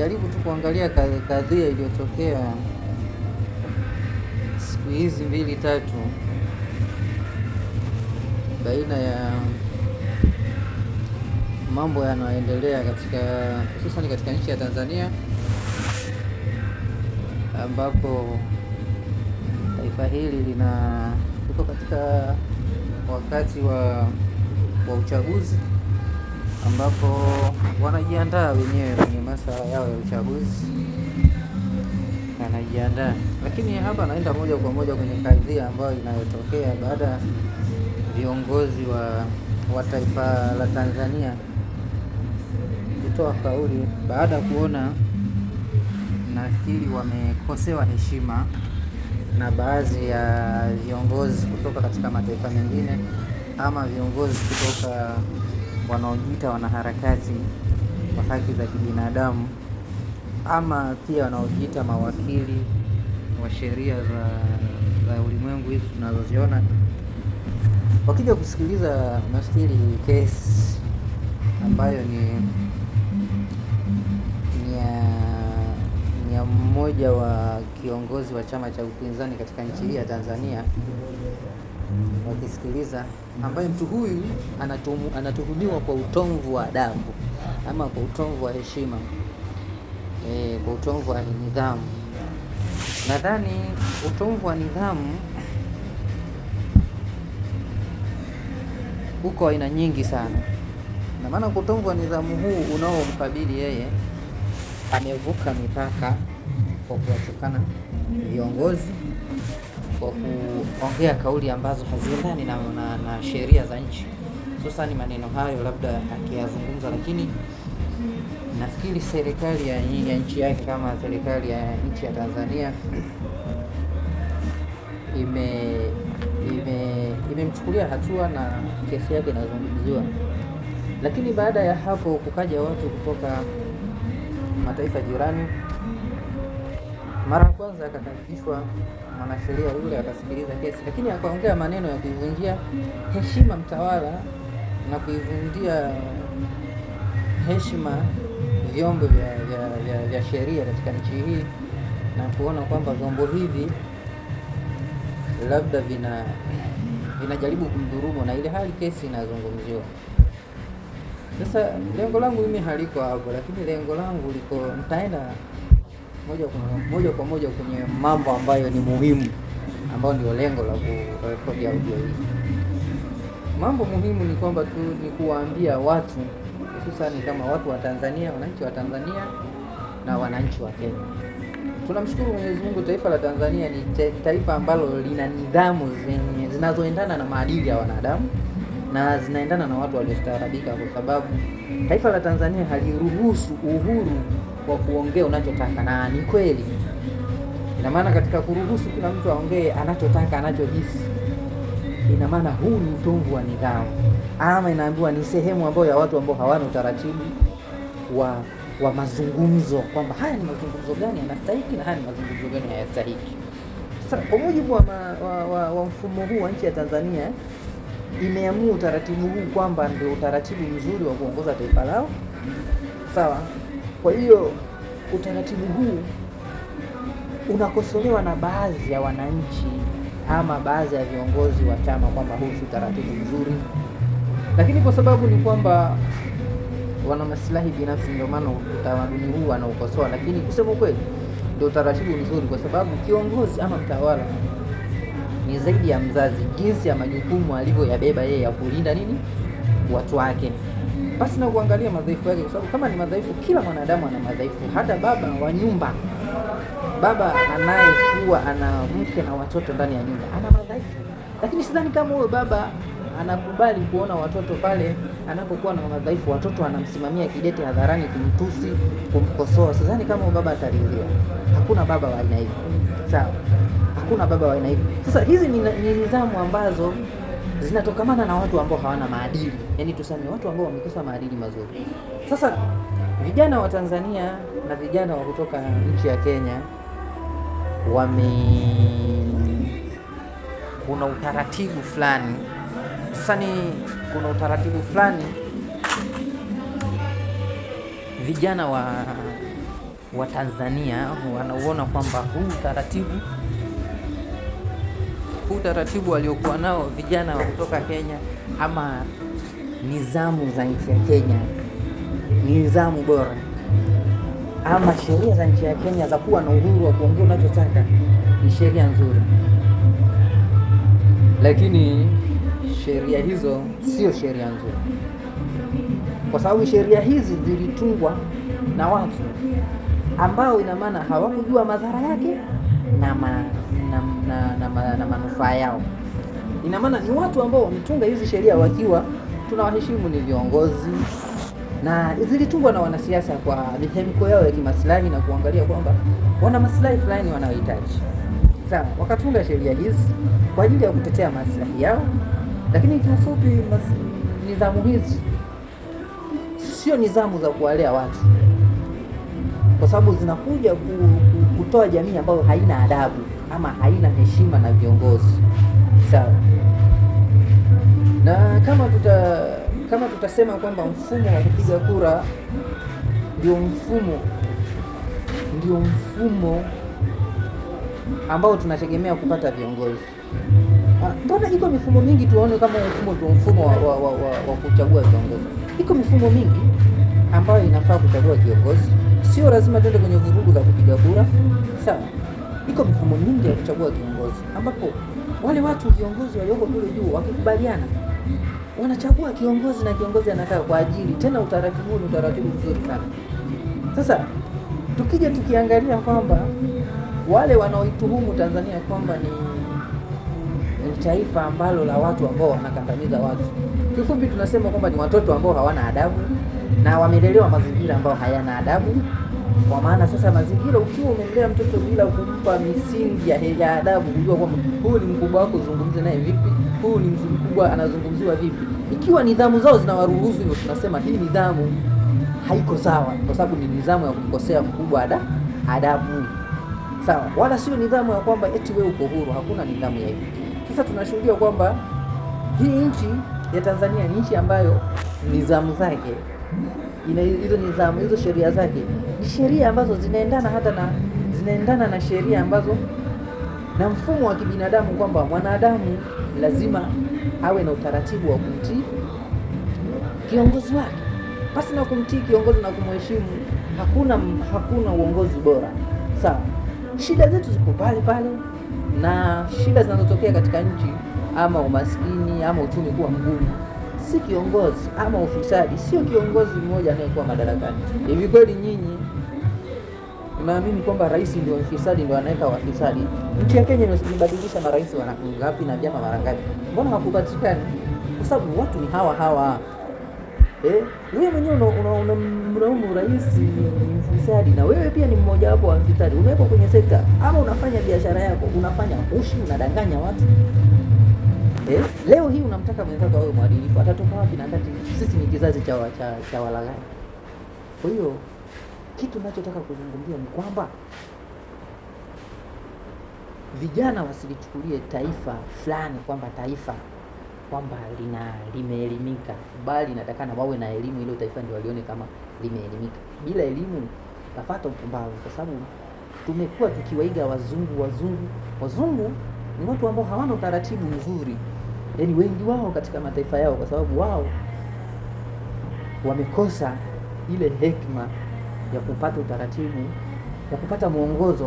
Jaribu tu kuangalia kadhia iliyotokea siku hizi mbili tatu baina ya mambo yanayoendelea katika hususani katika nchi ya Tanzania ambapo taifa hili lina liko katika wakati wa, wa uchaguzi ambapo wanajiandaa wenyewe hamasa yao ya uchaguzi anajiandaa, lakini hapa anaenda moja kwa moja kwenye kadhia ambayo inayotokea baada ya viongozi wa, wa taifa la Tanzania kutoa kauli baada ya kuona nafikiri wamekosewa heshima na baadhi ya viongozi kutoka katika mataifa mengine ama viongozi kutoka wanaojiita wanaharakati kwa haki za kibinadamu ama pia wanaojiita mawakili wa sheria za, za ulimwengu hizi tunazoziona, wakija kusikiliza nafikiri kesi ambayo ni ni ya, mmoja wa kiongozi wa chama cha upinzani katika nchi hii ya Tanzania, wakisikiliza ambaye mtu huyu anatuhumiwa kwa utomvu wa adabu ama kwa utovu wa heshima e, kwa utovu wa nidhamu. Nadhani utovu wa nidhamu huko aina nyingi sana, na maana kwa utovu wa nidhamu huu unaomkabili yeye, amevuka mipaka kwa kuwatukana viongozi, kwa kuongea kauli ambazo haziendani na, na, na sheria za nchi hususani maneno hayo labda akiyazungumza, lakini nafikiri serikali ya, ya nchi yake kama serikali ya nchi ya Tanzania ime imemchukulia hatua na kesi yake inazungumziwa, lakini baada ya hapo kukaja watu kutoka mataifa jirani. Mara ya kwanza akakaribishwa mwanasheria yule akasikiliza kesi, lakini akaongea maneno ya kuivunjia heshima mtawala na kuivundia heshima vyombo vya, vya, vya, vya sheria katika nchi hii na kuona kwamba vyombo hivi labda vina vinajaribu kumdhurumu na ile hali kesi inazungumziwa. Sasa lengo langu mimi haliko hapo, lakini lengo langu liko, nitaenda moja kwa moja kwa moja kwenye mambo ambayo ni muhimu, ambayo ndio lengo la kurekodi audio hii. Mambo muhimu ni kwamba tu ni kuwaambia watu hususani kama watu wa Tanzania, wananchi wa Tanzania na wananchi wa Kenya. Tunamshukuru Mwenyezi Mungu, taifa la Tanzania ni taifa ambalo lina nidhamu zenye zinazoendana na maadili ya wanadamu na zinaendana na watu waliostaarabika, kwa sababu taifa la Tanzania haliruhusu uhuru wa kuongea unachotaka, na ni kweli. Ina maana katika kuruhusu kila mtu aongee anachotaka, anachohisi ina maana huu ni utovu wa nidhamu, ama inaambiwa ni sehemu ambayo ya watu ambao hawana utaratibu wa wa mazungumzo, kwamba haya ni mazungumzo gani yanastahiki na haya ni mazungumzo gani hayastahiki. Sasa kwa mujibu wa, wa, wa, wa mfumo huu wa nchi ya Tanzania imeamua utaratibu huu kwamba ndio utaratibu mzuri wa kuongoza taifa lao, sawa. Kwa hiyo utaratibu huu unakosolewa na baadhi ya wananchi ama baadhi ya viongozi wa chama kwamba huu si utaratibu mzuri, lakini kwa sababu ni kwamba wana maslahi binafsi, ndio maana utamaduni huu wanaukosoa. Lakini kusema kweli, ndio utaratibu mzuri, kwa sababu kiongozi ama mtawala ni zaidi ya mzazi, jinsi ya majukumu alivyoyabeba yeye ya kulinda nini watu wake, basi na kuangalia madhaifu yake, kwa sababu kama ni madhaifu, kila mwanadamu ana madhaifu, hata baba wa nyumba baba anayekuwa ana mke na watoto ndani ya nyumba ana madhaifu, lakini sidhani kama huyo baba anakubali kuona watoto pale anapokuwa na madhaifu, watoto anamsimamia kidete hadharani, kumtusi, kumkosoa. Sidhani kama huyo baba ataridhia. Hakuna baba wa aina hiyo, sawa? Hakuna baba wa aina hiyo. Sasa hizi ni nidhamu ambazo zinatokamana na watu ambao hawana maadili, yaani tuseme watu ambao wamekosa maadili mazuri. Sasa vijana wa Tanzania na vijana wa kutoka nchi ya Kenya wame kuna utaratibu fulani sasa, ni kuna utaratibu fulani vijana wa wa Tanzania wanauona kwamba huu utaratibu huu utaratibu waliokuwa nao vijana wa kutoka Kenya ama nizamu za nchi ya Kenya ni nizamu bora ama sheria za nchi ya Kenya za kuwa na uhuru wa kuongea unachotaka ni sheria nzuri, lakini sheria hizo sio sheria nzuri, kwa sababu sheria hizi zilitungwa na watu ambao ina maana hawakujua madhara yake na, ma, na, na, na, na, na manufaa yao. Ina maana ni watu ambao wametunga hizi sheria wakiwa tunawaheshimu ni viongozi na zilitungwa na wanasiasa kwa mihemko yao ya kimaslahi na kuangalia kwamba wana maslahi fulani wanaohitaji. Sawa, wakatunga sheria hizi kwa ajili ya kutetea maslahi yao, lakini kiufupi nidhamu hizi sio nidhamu za kuwalea watu, kwa sababu zinakuja kutoa jamii ambayo haina adabu ama haina heshima na viongozi. Sawa na kama tuta kama tutasema kwamba mfumo wa kupiga kura ndio mfumo ndio mfumo ambao tunategemea kupata viongozi, ah, mbona iko mifumo mingi? Tuone kama mfumo ndio mfumo wa, wa, wa, wa, wa kuchagua viongozi. Iko mifumo mingi ambayo inafaa kuchagua kiongozi, sio lazima tuende kwenye vurugu za kupiga kura, sawa? Iko mifumo mingi ya kuchagua kiongozi ambapo wale watu viongozi walioko kule juu wakikubaliana, wanachagua kiongozi na kiongozi anakaa kwa ajili. Tena utaratibu ni utaratibu mzuri sana. Sasa tukija tukiangalia kwamba wale wanaoituhumu Tanzania kwamba ni taifa ambalo la watu ambao wanakandamiza watu, kifupi tunasema kwamba ni watoto ambao hawana adabu na wamelelewa mazingira ambayo hayana adabu. Kwa maana sasa mazingira, ukiwa umemlea mtoto bila kumpa misingi ya adabu, kujua kwamba huyu ni mkubwa wako, zungumze naye vipi? Huyu ni mkubwa, anazungumziwa vipi? Ikiwa nidhamu zao zinawaruhusu hivyo, tunasema hii nidhamu haiko sawa, kwa sababu ni nidhamu ya kumkosea mkubwa ada adabu, sawa, wala sio nidhamu ya kwamba eti wewe uko huru. Hakuna nidhamu ya hivyo. Sasa tunashuhudia kwamba hii nchi ya Tanzania ni nchi ambayo nidhamu zake ina hizo nidhamu hizo sheria zake ni sheria ambazo zinaendana hata na zinaendana na sheria ambazo na mfumo wa kibinadamu kwamba mwanadamu lazima awe na utaratibu wa kumtii kiongozi wake. Pasi na kumtii kiongozi na kumheshimu, hakuna hakuna uongozi bora. Sawa, shida zetu ziko pale pale, na shida zinazotokea katika nchi ama umaskini ama uchumi kuwa mgumu si kiongozi ama ufisadi, sio kiongozi mmoja anayekuwa madarakani. Hivi kweli nyinyi naamini kwamba rais ndio mfisadi ndio anaweka wafisadi. Nchi ya Kenya imebadilisha marais wana ngapi na vyama mara ngapi? Mbona hakupatikani? Kwa sababu watu ni hawa hawa. Eh, wewe mwenyewe unamlaumu rais ni mfisadi, na wewe pia ni mmoja wapo wa mfisadi. Umewekwa kwenye sekta, ama unafanya biashara yako, unafanya ushi, unadanganya watu. Eh, leo hii unamtaka mwenzako awe mwadilifu, atatoka wapi? Na wakati sisi ni kizazi cha cha, cha walaghai. Kwa hiyo kitu ninachotaka kuzungumzia ni kwamba vijana wasilichukulie taifa fulani kwamba taifa kwamba lina limeelimika, bali inatakana wawe na elimu, ilo taifa ndio walione kama limeelimika. Bila elimu tapata upumbavu, kwa sababu tumekuwa tukiwaiga wazungu. Wazungu wazungu ni watu ambao hawana utaratibu mzuri, yaani wengi wao katika mataifa yao, kwa sababu wao wamekosa ile hekima ya kupata utaratibu ya kupata mwongozo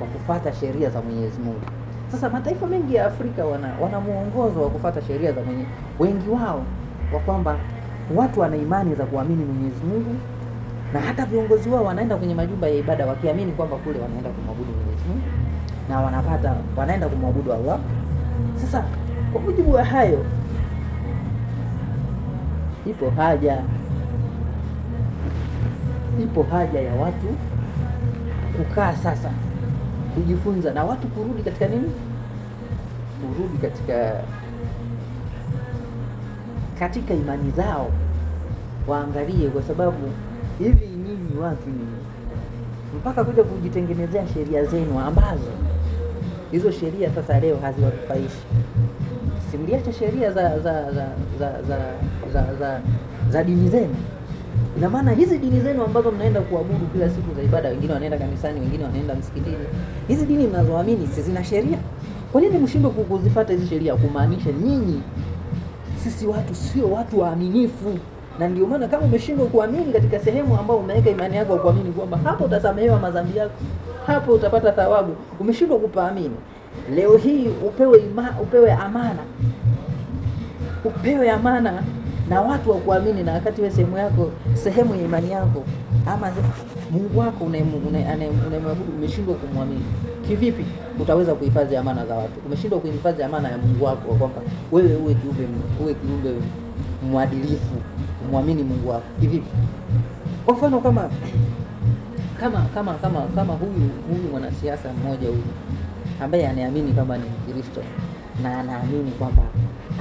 wa kufata sheria za Mwenyezi Mungu. Sasa mataifa mengi ya Afrika wana, wana mwongozo wa kufata sheria za mwenye, wengi wao wa kwamba watu wana imani za kuamini Mwenyezi Mungu na hata viongozi wao wanaenda kwenye majumba ya ibada wakiamini kwamba kule wanaenda kumwabudu Mwenyezi Mungu na wanapata wanaenda kumwabudu Allah. Sasa kwa mujibu wa hayo ipo haja ipo haja ya watu kukaa sasa kujifunza na watu kurudi katika nini, kurudi katika katika imani zao, waangalie, kwa sababu hivi nyinyi watu nyinyi mpaka kuja kujitengenezea sheria zenu ambazo hizo sheria sasa leo haziwanufaishi Simliache sheria za za za za za, za, za, za, za dini zenu. Ina maana hizi dini zenu ambazo mnaenda kuabudu kila siku za ibada, wengine wanaenda kanisani, wengine wanaenda msikitini, hizi dini mnazoamini si zina sheria? Kwa nini mshindwe kuzifuata hizi sheria? Kumaanisha nyinyi sisi watu sio watu waaminifu, na ndio maana kama umeshindwa kuamini katika sehemu ambayo umeweka imani yako, kuamini kwamba hapo utasamehewa madhambi yako, hapo utapata thawabu, umeshindwa kupaamini. Leo hii upewe ima, upewe amana, upewe amana na watu wakuamini, na wakati wewe sehemu yako sehemu ya imani yako ama Mungu wako unayemwabudu umeshindwa kumwamini, kivipi utaweza kuhifadhi amana za watu? Umeshindwa kuhifadhi amana ya Mungu wako, kwamba wewe uwe kiumbe uwe kiumbe mwadilifu, umwamini Mungu wako kivipi? Kwa mfano kama kama kama kama kama huyu huyu mwanasiasa mmoja huyu ambaye anaamini kwamba ni Mkristo na anaamini kwamba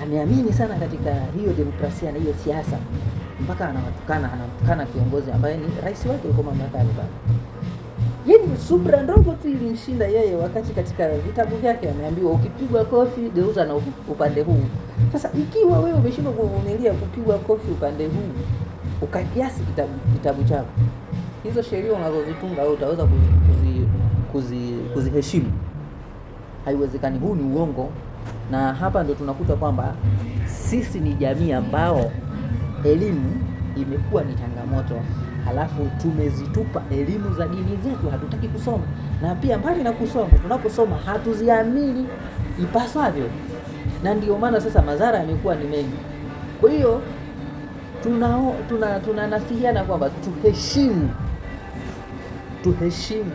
ameamini sana katika hiyo demokrasia na hiyo siasa mpaka anawatukana, anamtukana kiongozi ambaye ni rais wake yuko mamlakani bana. Yaani subra ndogo tu ilimshinda yeye, wakati katika vitabu vyake ameambiwa ukipigwa kofi geuza na upande huu. Sasa ikiwa wewe umeshindwa kuvumilia kupigwa kofi upande huu, ukakiasi kitabu, kitabu chako, hizo sheria unazozitunga wewe utaweza kuziheshimu kuzi, kuzi, kuzi haiwezekani. Huu ni uongo na hapa ndio tunakuta kwamba sisi ni jamii ambao elimu imekuwa ni changamoto, halafu tumezitupa elimu za dini zetu, hatutaki kusoma, na pia mbali na kusoma, tunaposoma hatuziamini ipaswavyo, na ndio maana sasa madhara yamekuwa ni mengi. Kwa hiyo tunanasihiana tuna, tuna kwamba tuheshimu tuheshimu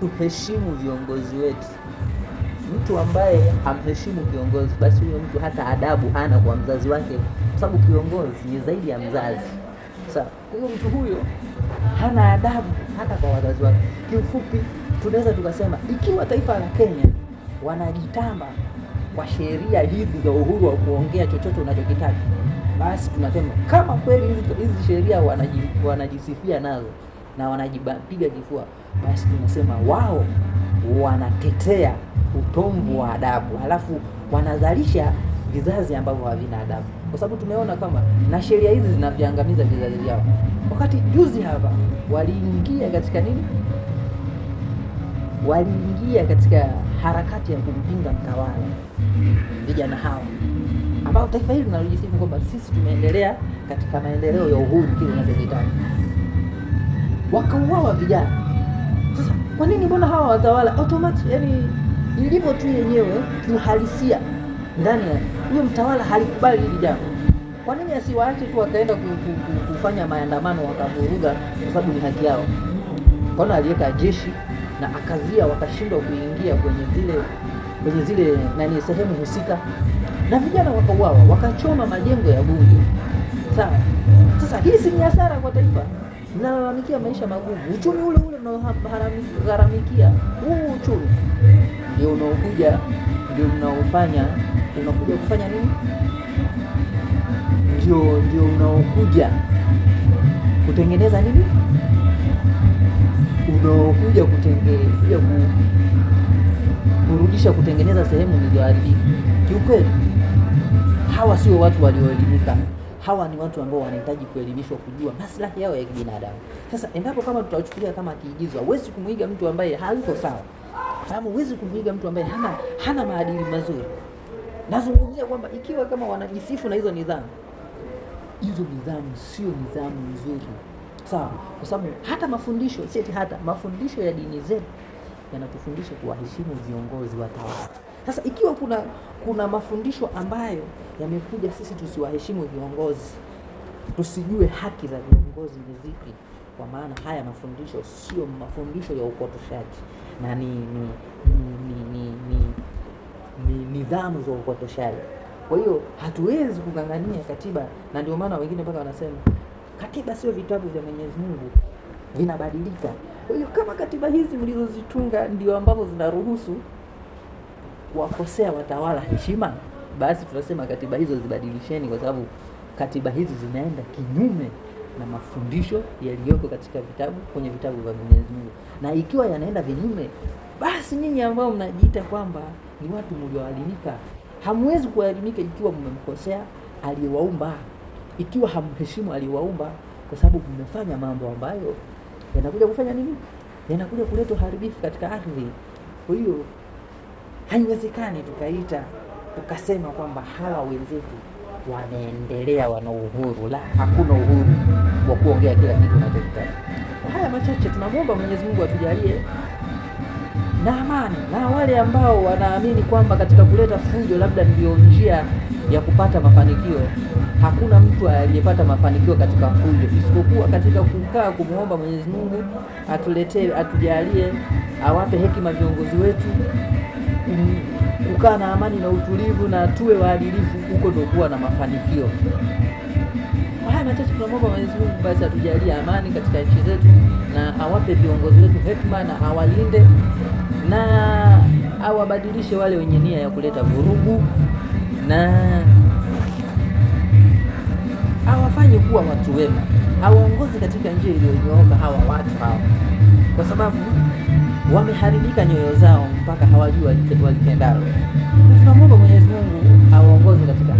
tuheshimu viongozi wetu mtu ambaye hamheshimu kiongozi, basi huyo mtu hata adabu hana kwa mzazi wake, kwa sababu kiongozi ni zaidi ya mzazi. Sasa huyo mtu huyo hana adabu hata kwa wazazi wake. Kiufupi, tunaweza tukasema ikiwa taifa la Kenya wanajitamba kwa sheria hizi za uhuru wa kuongea chochote unachokitaka, basi tunasema kama kweli hizi sheria wanajisifia nazo na wanajipiga kifua, basi tunasema wao wanatetea utomvu wa adabu, halafu wanazalisha vizazi ambavyo havina adabu, kwa sababu tumeona kama na sheria hizi zinavyangamiza vizazi vyao, wakati juzi hapa waliingia katika nini, waliingia katika harakati ya kumpinga mtawala, vijana hao ambao taifa hili tunalojisifu kwamba sisi tumeendelea katika maendeleo ya uhuru, kile unachokitaka, wakauawa vijana. Sasa kwa nini mbona hawa watawala automatic yani ilivyo tu yenyewe kiuhalisia ndani ya huyo mtawala halikubali hili jambo. Kwa nini asiwaache tu wakaenda kufanya maandamano wakavuruga? Kwa sababu ni haki yao. Kwaona aliweka jeshi na akazia, wakashindwa kuingia kwenye zile kwenye zile nani sehemu husika, na vijana wakauawa, wakachoma majengo ya bunge. Sawa, sasa hii si ni hasara kwa taifa? Mnalalamikia maisha magumu, uchumi ule ule mnaoharamikia huu uchumi ndio unaokuja ndio unaofanya unakuja kufanya nini, ndio ndio unaokuja kutengeneza nini, unaokuja kutengeneza kurudisha kutengeneza sehemu iliyoharibika. Kiukweli hawa sio watu walioelimika. Hawa ni watu ambao wanahitaji kuelimishwa kujua maslahi yao ya kibinadamu. Sasa endapo kama tutachukulia kama kiigizo, huwezi kumwiga mtu ambaye hayuko sawa kwa sababu huwezi kumpiga mtu ambaye hana hana maadili mazuri. Nazungumzia kwamba ikiwa kama wanajisifu na hizo nidhamu, hizo nidhamu sio nidhamu nzuri, sawa? Kwa sababu hata mafundisho sieti, hata mafundisho ya dini zetu yanatufundisha kuwaheshimu viongozi, watawala. Sasa ikiwa kuna kuna mafundisho ambayo yamekuja sisi tusiwaheshimu viongozi, tusijue haki za viongozi ni zipi kwa maana haya mafundisho sio mafundisho ya upotoshaji na ni ni ni ni ni nidhamu za upotoshaji. Kwa hiyo hatuwezi kung'ang'ania katiba, na ndio maana wengine mpaka wanasema katiba sio vitabu vya Mwenyezi Mungu, vinabadilika. Kwa hiyo kama katiba hizi mlizozitunga ndio ambazo zinaruhusu kuwakosea watawala heshima, basi tunasema katiba hizo zibadilisheni, kwa sababu katiba hizi zinaenda kinyume na mafundisho yaliyoko katika vitabu kwenye vitabu vya Mwenyezi Mungu, na ikiwa yanaenda vinyume, basi nyinyi ambao mnajiita kwamba ni watu mlioalimika, hamwezi kualimika ikiwa mmemkosea aliyewaumba, ikiwa hamheshimu aliyewaumba, kwa sababu mmefanya mambo ambayo yanakuja kufanya nini? Yanakuja kuleta uharibifu katika ardhi. Kwa hiyo haiwezekani tukaita tukasema kwamba hawa wenzetu wanaendelea, wana uhuru. La, hakuna uhuru wa kuongea kila kitu unachotaka. Haya machache tunamwomba Mwenyezi Mungu atujalie na amani, na wale ambao wanaamini kwamba katika kuleta fujo labda ndiyo njia ya kupata mafanikio. Hakuna mtu aliyepata mafanikio katika fujo, isipokuwa katika kukaa kumwomba Mwenyezi Mungu atuletee, atujalie, awape hekima viongozi wetu kukaa na amani na utulivu na tuwe waadilifu, huko ndio kuwa na mafanikio. Haya machache tunamwomba Mwenyezi Mungu basi atujalie amani katika nchi zetu na awape viongozi wetu hekima na awalinde na awabadilishe wale wenye nia ya kuleta vurugu na awafanye kuwa watu wema, awaongoze katika njia iliyonyooka hawa watu hawa, kwa sababu wameharibika nyoyo zao mpaka hawajua walitendalo. Tunamwomba Mwenyezi Mungu awaongoze katika